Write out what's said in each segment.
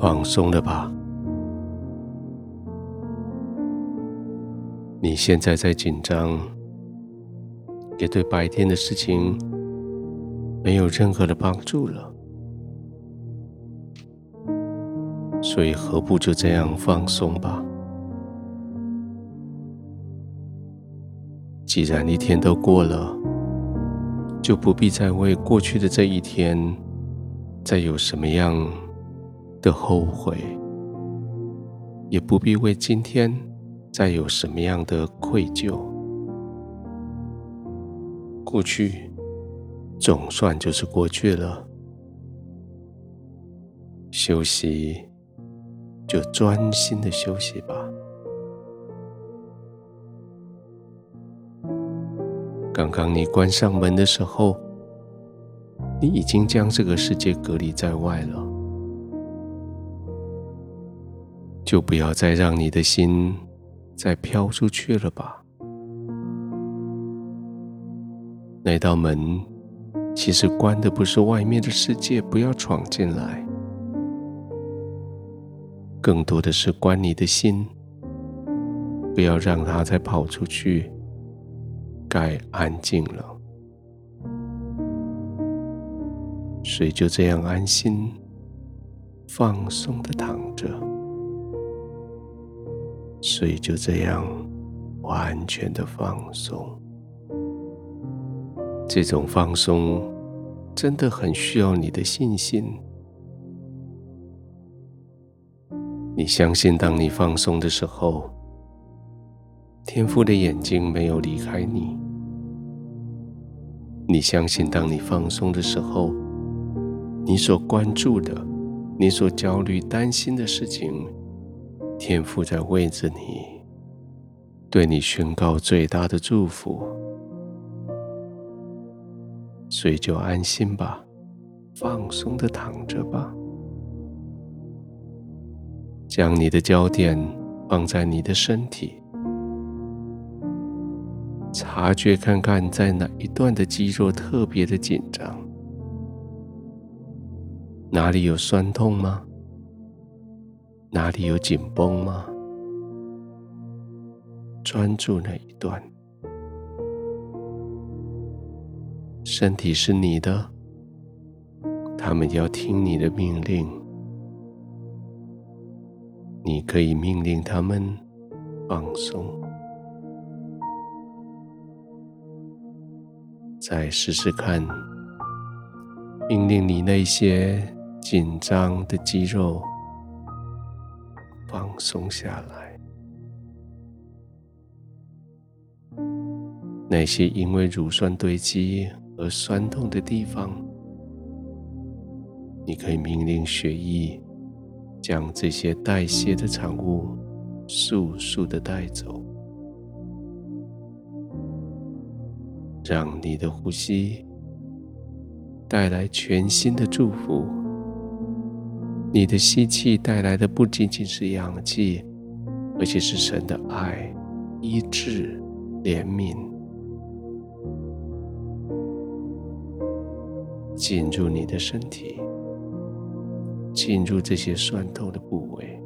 放鬆了吧，你現在在緊張，也對白天的事情沒有任何的幫助了，所以何不就這樣放鬆吧？既然一天都過了，就不必再為過去的這一天再有什麼樣的後悔，也不必為今天再有什麼樣的愧疚。過去，總算就是過去了。休息，就專心的休息吧。剛剛你關上門的時候，你已經將這個世界隔離在外了。就不要再讓你的心再飄出去了吧。那道門其實關的不是外面的世界，不要闖進來，更多的是關你的心，不要讓它再跑出去。該安靜了，睡就這樣安心、放鬆地躺着。所以就這樣，完全的放鬆。這種放鬆真的很需要你的信心。你相信，當你放鬆的時候，天父的眼睛沒有離開你；你相信，當你放鬆的時候，你所關注的、你所焦慮、擔心的事情。天父在為著你，對你宣告最大的祝福，所以就安心吧，放鬆的躺着吧，將你的焦點放在你的身體，察覺看看在哪一段的肌肉特別的緊張，哪裡有酸痛嗎？哪裡有緊繃嗎？專注那一段。身體是你的，他們要聽你的命令。你可以命令他們放鬆。再試試看，命令你那些緊張的肌肉。放鬆下來，那些因為乳酸堆積而酸痛的地方，你可以命令血液將這些代謝的產物速速的帶走，讓你的呼吸帶來全新的祝福。你的吸氣帶來的不僅僅是氧氣，而且是神的愛、醫治、憐憫，進入你的身體，進入這些酸痛的部位，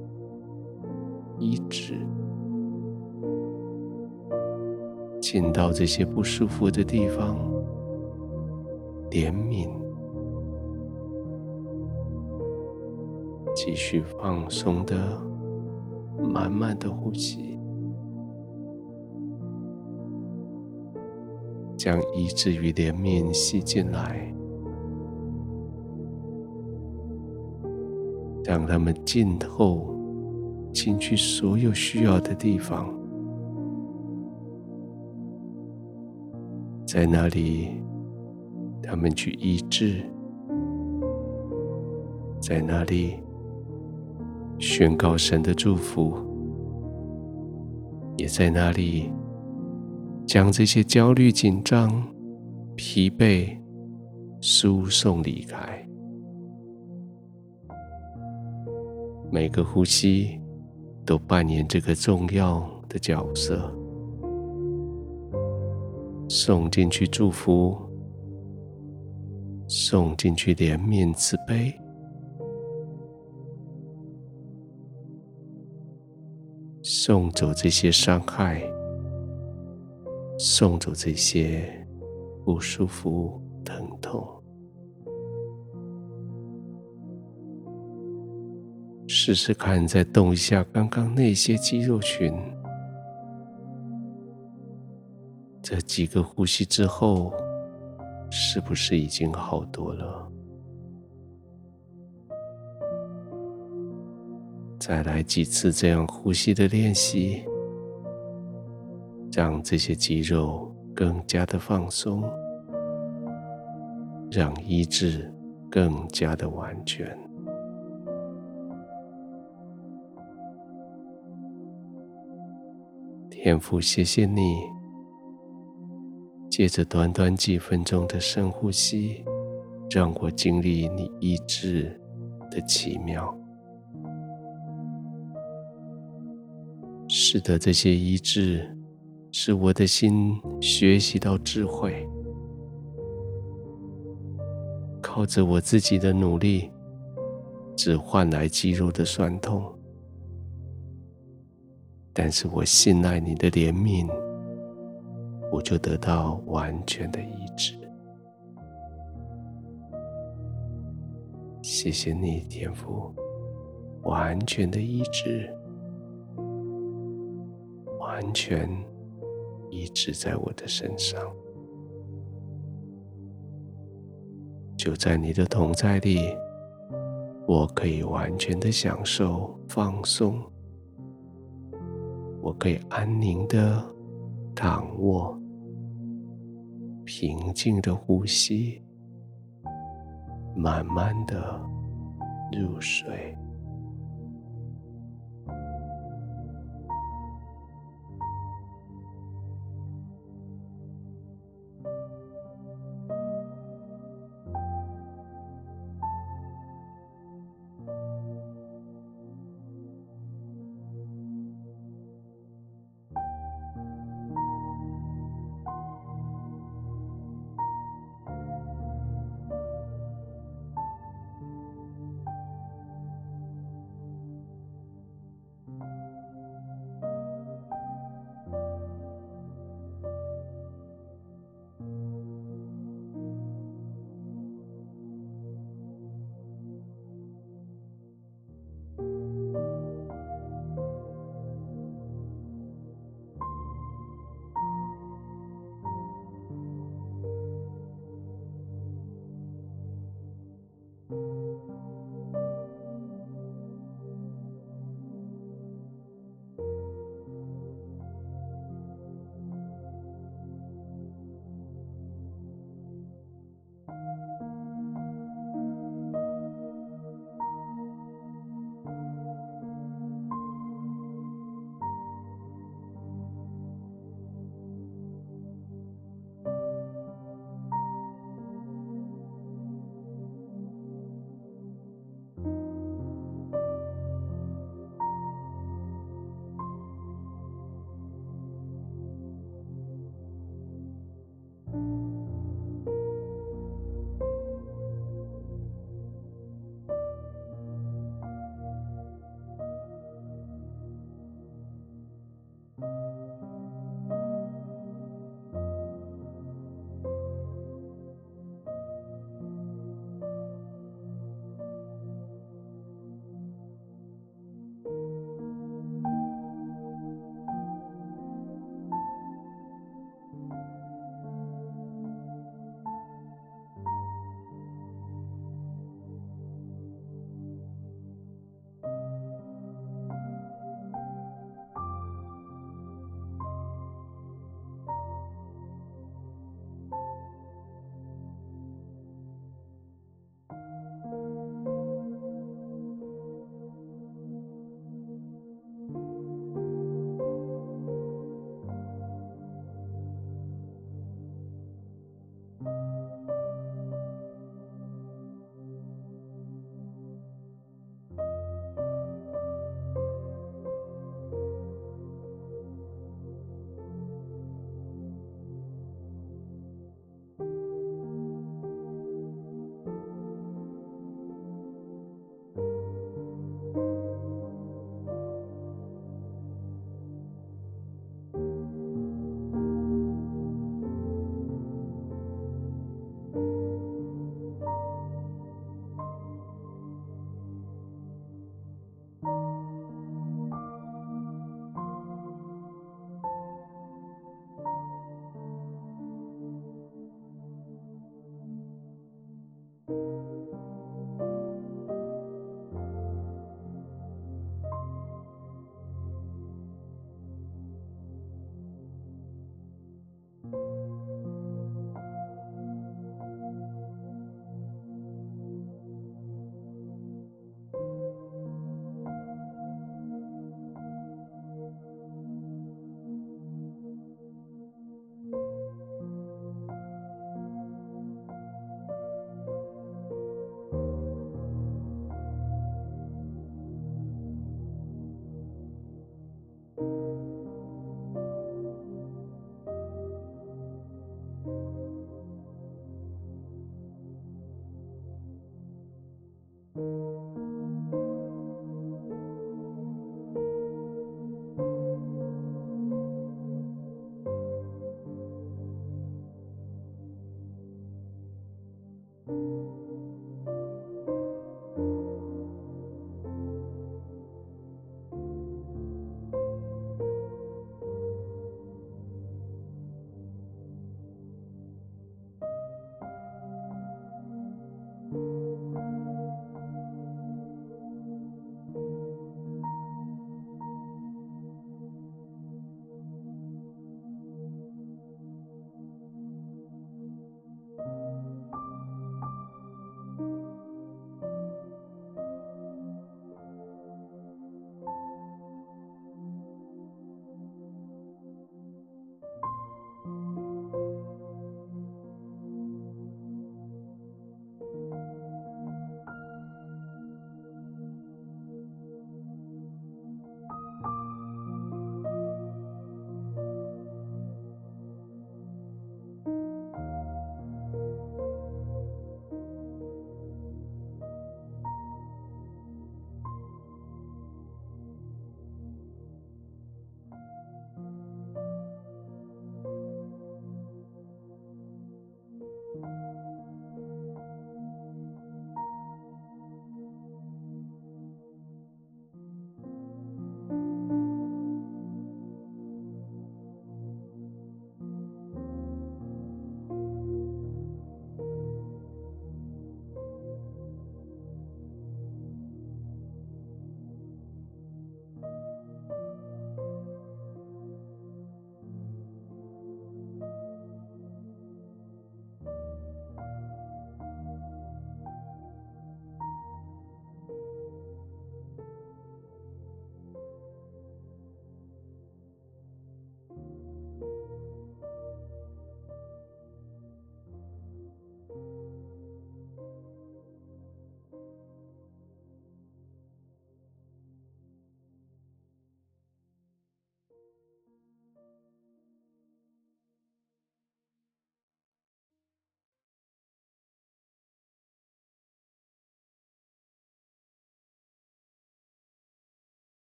醫治，進到這些不舒服的地方，憐憫。繼續放鬆的、慢慢的呼吸，將醫治與憐憫吸進來，讓他們浸透、進去所有需要的地方，在那裡，他們去醫治，在那裡。宣告神的祝福，也在那裡將這些焦慮、緊張、疲憊輸送離開。每個呼吸都扮演這個重要的角色，送進去祝福，送進去憐憫、慈悲。送走這些傷害，送走這些不舒服、疼痛。試試看，再動一下剛剛那些肌肉群。這幾個呼吸之後，是不是已經好多了？再來幾次這樣呼吸的練習，讓這些肌肉更加的放鬆，讓醫治更加的完全。天父，謝謝你！借着短短幾分鐘的深呼吸，讓我經歷你醫治的奇妙。使得這些醫治，使我的心學習到智慧。靠着我自己的努力，只換來肌肉的痠痛。但是我信賴你的憐憫，我就得到完全的醫治。謝謝你，天父，完全的醫治。完全一直在我的身上，就在你的同在裡，我可以完全的享受放鬆，我可以安寧的躺臥，平靜的呼吸，慢慢的入睡。